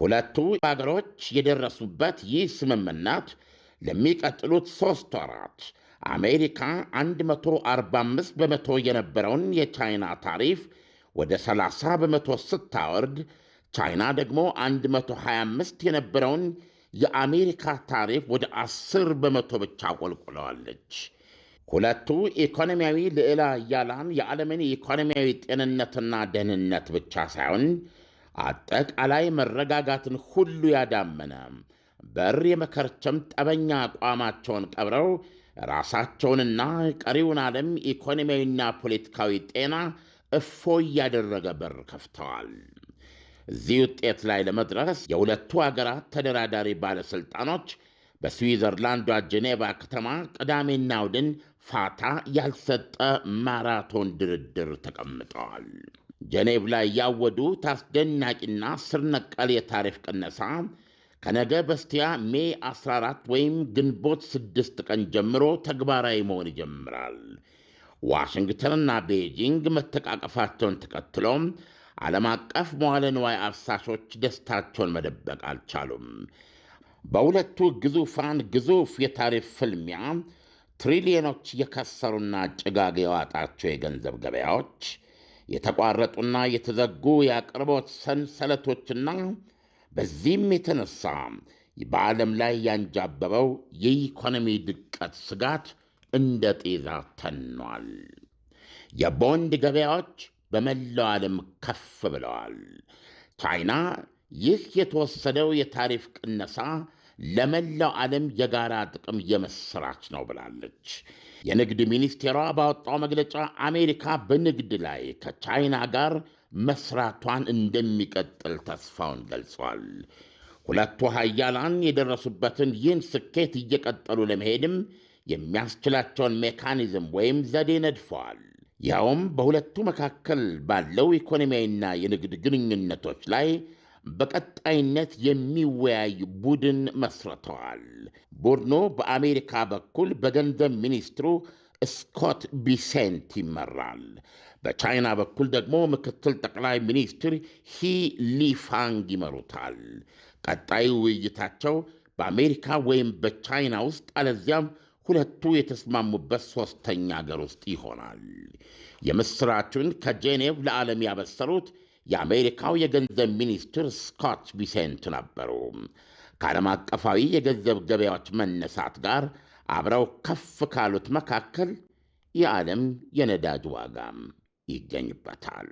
ሁለቱ አገሮች የደረሱበት ይህ ስምምነት ለሚቀጥሉት ሦስት ወራት አሜሪካ 145 በመቶ የነበረውን የቻይና ታሪፍ ወደ 30 በመቶ ስታወርድ ቻይና ደግሞ 125 የነበረውን የአሜሪካ ታሪፍ ወደ 10 በመቶ ብቻ ቆልቁለዋለች። ሁለቱ ኢኮኖሚያዊ ልዕለ ኃያላን የዓለምን ኢኮኖሚያዊ ጤንነትና ደህንነት ብቻ ሳይሆን አጠቃላይ መረጋጋትን ሁሉ ያዳመነ በር የመከርቸም ጠበኛ አቋማቸውን ቀብረው ራሳቸውንና ቀሪውን ዓለም ኢኮኖሚያዊና ፖለቲካዊ ጤና እፎ እያደረገ በር ከፍተዋል። እዚህ ውጤት ላይ ለመድረስ የሁለቱ አገራት ተደራዳሪ ባለሥልጣኖች በስዊዘርላንዷ ጄኔቫ ከተማ ቅዳሜና እሁድን ፋታ ያልሰጠ ማራቶን ድርድር ተቀምጠዋል። ጀኔቭ ላይ ያወዱት አስደናቂና ስር ነቀል የታሪፍ ቅነሳ ከነገ በስቲያ ሜ 14 ወይም ግንቦት 6 ቀን ጀምሮ ተግባራዊ መሆን ይጀምራል። ዋሽንግተንና ቤጂንግ መተቃቀፋቸውን ተከትሎም ዓለም አቀፍ መዋለ ንዋይ አፍሳሾች ደስታቸውን መደበቅ አልቻሉም። በሁለቱ ግዙፋን ግዙፍ የታሪፍ ፍልሚያ ትሪሊዮኖች የከሰሩና ጭጋግ የዋጣቸው የገንዘብ ገበያዎች የተቋረጡና የተዘጉ የአቅርቦት ሰንሰለቶችና በዚህም የተነሳ በዓለም ላይ ያንጃበበው የኢኮኖሚ ድቀት ስጋት እንደ ጤዛ ተኗል። የቦንድ ገበያዎች በመላው ዓለም ከፍ ብለዋል። ቻይና ይህ የተወሰደው የታሪፍ ቅነሳ ለመላው ዓለም የጋራ ጥቅም የመስራች ነው ብላለች። የንግድ ሚኒስቴሯ ባወጣው መግለጫ አሜሪካ በንግድ ላይ ከቻይና ጋር መስራቷን እንደሚቀጥል ተስፋውን ገልጿል። ሁለቱ ሀያላን የደረሱበትን ይህን ስኬት እየቀጠሉ ለመሄድም የሚያስችላቸውን ሜካኒዝም ወይም ዘዴ ነድፈዋል። ያውም በሁለቱ መካከል ባለው ኢኮኖሚያዊና የንግድ ግንኙነቶች ላይ በቀጣይነት የሚወያይ ቡድን መስርተዋል። ቡድኑ በአሜሪካ በኩል በገንዘብ ሚኒስትሩ ስኮት ቢሴንት ይመራል። በቻይና በኩል ደግሞ ምክትል ጠቅላይ ሚኒስትር ሂ ሊፋንግ ይመሩታል። ቀጣዩ ውይይታቸው በአሜሪካ ወይም በቻይና ውስጥ አለዚያም ሁለቱ የተስማሙበት ሦስተኛ አገር ውስጥ ይሆናል። የምሥራቹን ከጄኔቭ ለዓለም ያበሰሩት የአሜሪካው የገንዘብ ሚኒስትር ስኮት ቢሴንት ነበሩ። ከዓለም አቀፋዊ የገንዘብ ገበያዎች መነሳት ጋር አብረው ከፍ ካሉት መካከል የዓለም የነዳጅ ዋጋም ይገኝበታል።